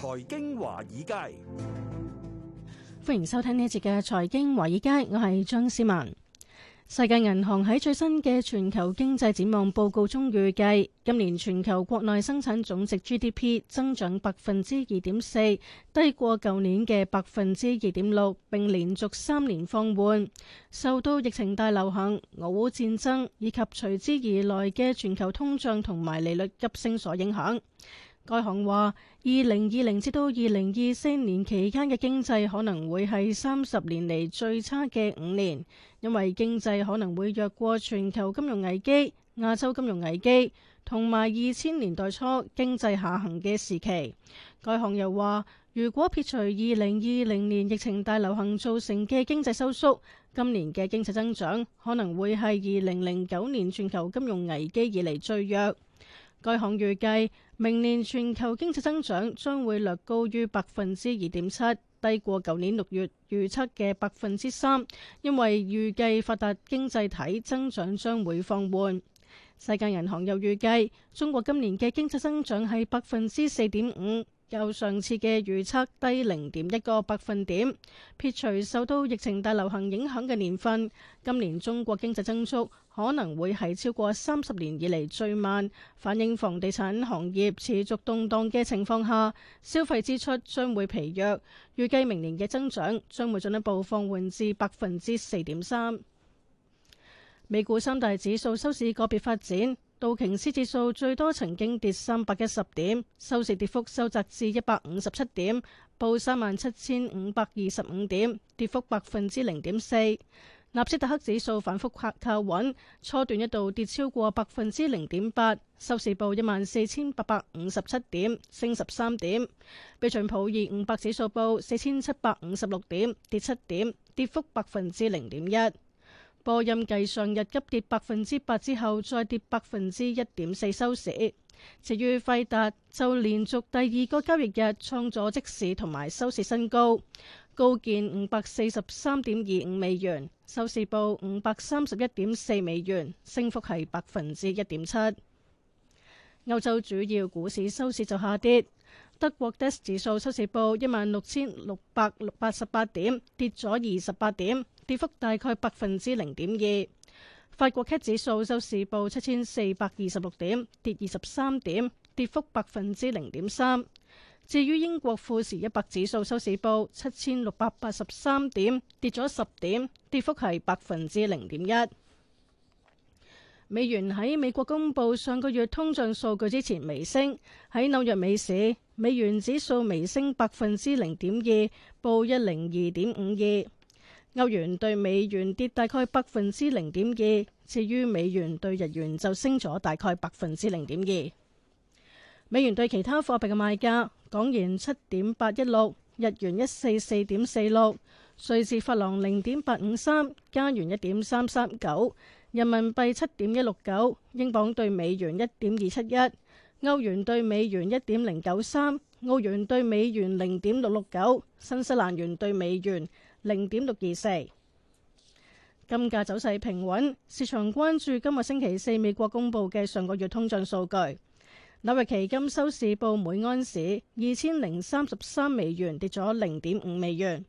財經華爾街，歡迎收聽呢一節嘅財經華爾街，我係張思文。世界銀行喺最新嘅全球經濟展望報告中預計，今年全球國內生產總值 GDP 增長百分之二點四，低過舊年嘅百分之二點六，並連續三年放緩，受到疫情大流行、俄烏戰爭以及隨之而來嘅全球通脹同埋利率急升所影響。該行話，二零二零至到二零二四年期間嘅經濟可能會係三十年嚟最差嘅五年，因為經濟可能會弱過全球金融危機、亞洲金融危機同埋二千年代初經濟下行嘅時期。該行又話，如果撇除二零二零年疫情大流行造成嘅經濟收縮，今年嘅經濟增長可能會係二零零九年全球金融危機以嚟最弱。該行預計明年全球經濟增長將會略高於百分之二點七，低過舊年六月預測嘅百分之三，因為預計發達經濟體增長將會放緩。世界銀行又預計中國今年嘅經濟增長係百分之四點五。較上次嘅預測低零點一個百分點，撇除受到疫情大流行影響嘅年份，今年中國經濟增速可能會係超過三十年以嚟最慢。反映房地產行業持續動蕩嘅情況下，消費支出將會疲弱，預計明年嘅增長將會進一步放緩至百分之四點三。美股三大指數收市個別發展。道瓊斯指數最多曾經跌三百一十點，收市跌幅收窄至一百五十七點，報三萬七千五百二十五點，跌幅百分之零點四。納斯達克指數反覆靠穩，初段一度跌超過百分之零點八，收市報一萬四千八百五十七點，升十三點。標準普爾五百指數報四千七百五十六點，跌七點，跌幅百分之零點一。波音計上日急跌百分之八之後，再跌百分之一點四收市。至於費達，就連續第二個交易日創咗即市同埋收市新高，高見五百四十三點二五美元，收市報五百三十一點四美元，升幅係百分之一點七。歐洲主要股市收市就下跌，德國 DAX 指數收市報一萬六千六百八十八點，跌咗二十八點。跌幅大概百分之零點二。法國 CAC 指數收市報七千四百二十六點，跌二十三點，跌幅百分之零點三。至於英國富時一百指數收市報七千六百八十三點，跌咗十點，跌幅係百分之零點一。美元喺美國公佈上個月通脹數據之前微升，喺紐約美市，美元指數微升百分之零點二，報一零二點五二。歐元對美元跌大概百分之零點二，至於美元對日元就升咗大概百分之零點二。美元對其他貨幣嘅賣價：港元七點八一六，日元一四四點四六，瑞士法郎零點八五三，加元一點三三九，人民幣七點一六九，英鎊對美元一點二七一，歐元對美元一點零九三，澳元對美元零點六六九，新西蘭元對美元，零點六二四。金價走勢平穩，市場關注今日星期四美國公布嘅上個月通脹數據。紐約期金收市報每安士二千零三十三美元，跌咗零點五美元。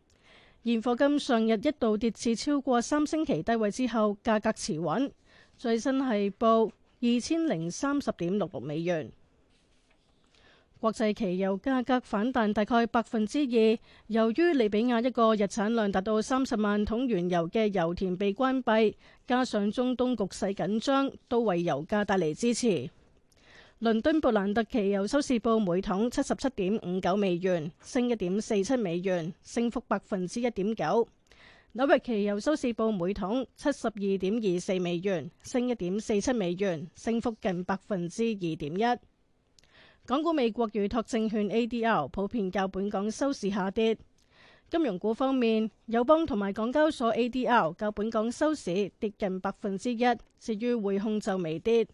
現貨金上日一度跌至超過三星期低位之後，價格持穩，最新係報二千零三十點六六美元。國際期油價格反彈大概百分之二，由於利比亞一個日產量達到三十萬桶原油嘅油田被關閉，加上中東局勢緊張，都為油價帶嚟支持。倫敦布蘭特期油收市報每桶七十七點五九美元，升一點四七美元，升幅百分之一點九。紐約期油收市報每桶七十二點二四美元，升一點四七美元，升幅近百分之二點一。港股、美國預託證券 ADL 普遍較本港收市下跌。金融股方面，友邦同埋港交所 ADL 較本港收市跌近百分之一，至於匯控就微跌。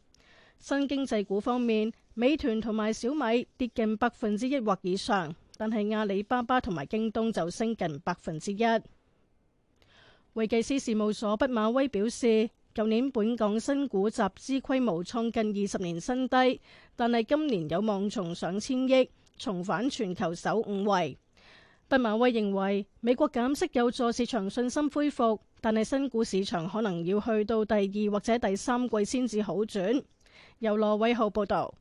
新經濟股方面，美團同埋小米跌近百分之一或以上，但係阿里巴巴同埋京東就升近百分之一。會計師事務所畢馬威表示。舊年本港新股集資規模創近二十年新低，但係今年有望重上千億，重返全球首五位。畢馬威認為，美國減息有助市場信心恢復，但係新股市場可能要去到第二或者第三季先至好轉。由羅偉浩報道。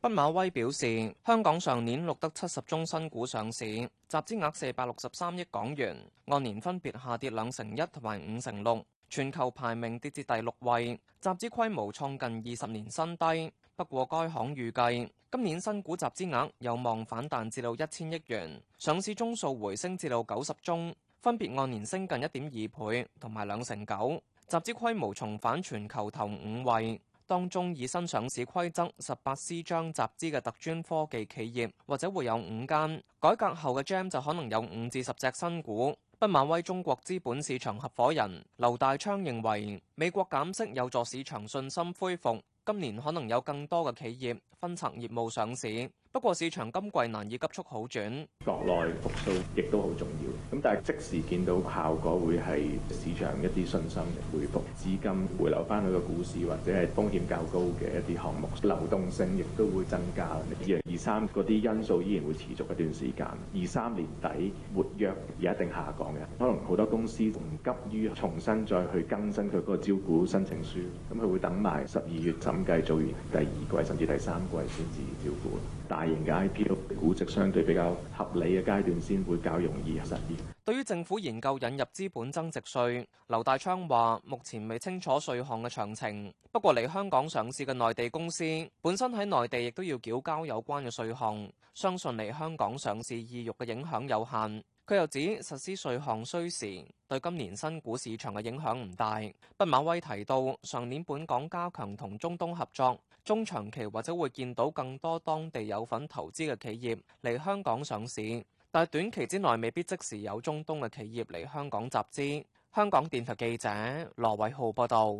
畢馬威表示，香港上年錄得七十宗新股上市，集資額四百六十三億港元，按年分別下跌兩成一同埋五成六。全球排名跌至第六位，集資規模創近二十年新低。不過，該行預計今年新股集資額有望反彈至到一千億元，上市宗數回升至到九十宗，分別按年升近一點二倍同埋兩成九。集資規模重返全球頭五位，當中以新上市規則十八 C 章集資嘅特專科技企業，或者會有五間。改革後嘅 GEM 就可能有五至十隻新股。畢馬威中國資本市場合伙人劉大昌認為，美國減息有助市場信心恢復，今年可能有更多嘅企業分拆業務上市。不過市場今季難以急速好轉，國內復甦亦都好重要。咁但係即時見到效果會係市場一啲信心嘅回復，資金回流翻去個股市或者係風險較高嘅一啲項目，流動性亦都會增加。二二三嗰啲因素依然會持續一段時間。二三年底活躍而一定下降嘅可能好多公司唔急於重新再去更新佢嗰個招股申請書，咁佢會等埋十二月審計做完第二季甚至第三季先至招股。大大型 IP，都估值相對比較合理嘅階段，先會較容易實現。對於政府研究引入資本增值稅，劉大昌話目前未清楚稅項嘅詳情，不過嚟香港上市嘅內地公司，本身喺內地亦都要繳交有關嘅稅項，相信嚟香港上市意欲嘅影響有限。佢又指實施稅項需時，對今年新股市場嘅影響唔大。畢馬威提到，上年本港加強同中東合作。中長期或者會見到更多當地有份投資嘅企業嚟香港上市，但係短期之內未必即時有中東嘅企業嚟香港集資。香港電台記者羅偉浩報道。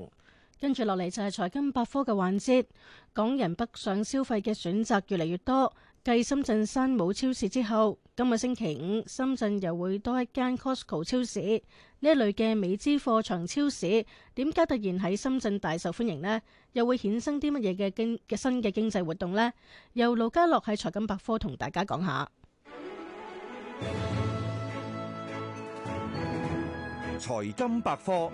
跟住落嚟就係財經百科嘅環節，港人北上消費嘅選擇越嚟越多。繼深圳山姆超市之後，今日星期五，深圳又會多一間 Costco 超市。呢一類嘅美資貨場超市，點解突然喺深圳大受歡迎呢？又會衍生啲乜嘢嘅經嘅新嘅經濟活動呢？由盧家樂喺財金百科同大家講下。財金百科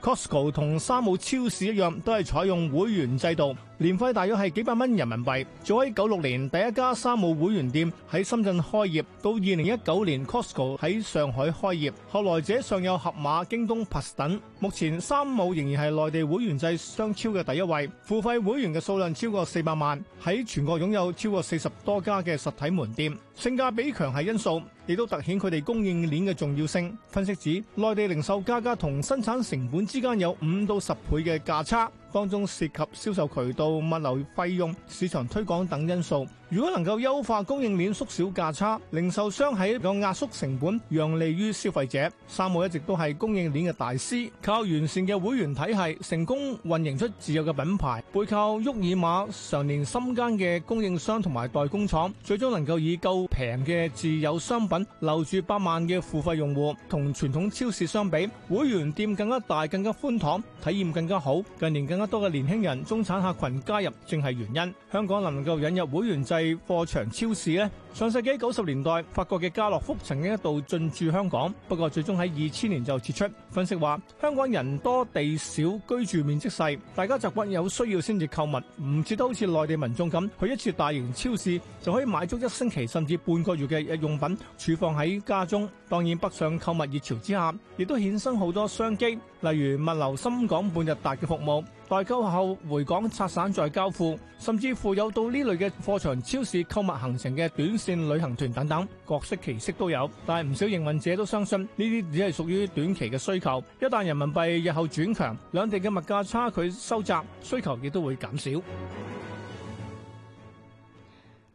，Costco 同山姆超市一樣，都係採用會員制度。年費大約係幾百蚊人民幣。早喺九六年第一家山姆會員店喺深圳開業，到二零一九年 Costco 喺上海開業，後來者尚有盒馬、京東 Plus 等。目前山姆仍然係內地會員制商超嘅第一位，付費會員嘅數量超過四百萬，喺全國擁有超過四十多家嘅實體門店。性價比強係因素，亦都凸顯佢哋供應鏈嘅重要性。分析指，內地零售價格同生產成本之間有五到十倍嘅價差，當中涉及銷售渠道、物流費用、市場推廣等因素。如果能夠優化供應鏈，縮小價差，零售商喺度壓縮成本，讓利於消費者。山姆一直都係供應鏈嘅大師，靠完善嘅會員體系，成功運營出自有嘅品牌。背靠沃爾瑪常年深耕嘅供應商同埋代工廠，最終能夠以夠平嘅自有商品留住百萬嘅付費用戶。同傳統超市相比，會員店更加大、更加寬敞，體驗更加好。近年更加多嘅年輕人、中產客群加入，正係原因。香港能夠引入會員制貨場超市呢？上世紀九十年代法國嘅家樂福曾經一度進駐香港，不過最終喺二千年就撤出。分析話，香港人多地少，居住面積細，大家習慣有需要先至購物，唔似得好似內地民眾咁，去一次大型超市就可以買足一星期甚至半個月嘅日用品，儲放喺家中。當然，北上購物熱潮之下，亦都衍生好多商機，例如物流深港半日達嘅服務。代購後回港拆散再交付，甚至乎有到呢類嘅貨場、超市購物行程嘅短綫旅行團等等，各式奇式都有。但係唔少營運者都相信呢啲只係屬於短期嘅需求，一旦人民幣日後轉強，兩地嘅物價差距收窄，需求亦都會減少。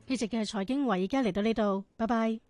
今日嘅財經華爾街，而家嚟到呢度，拜拜。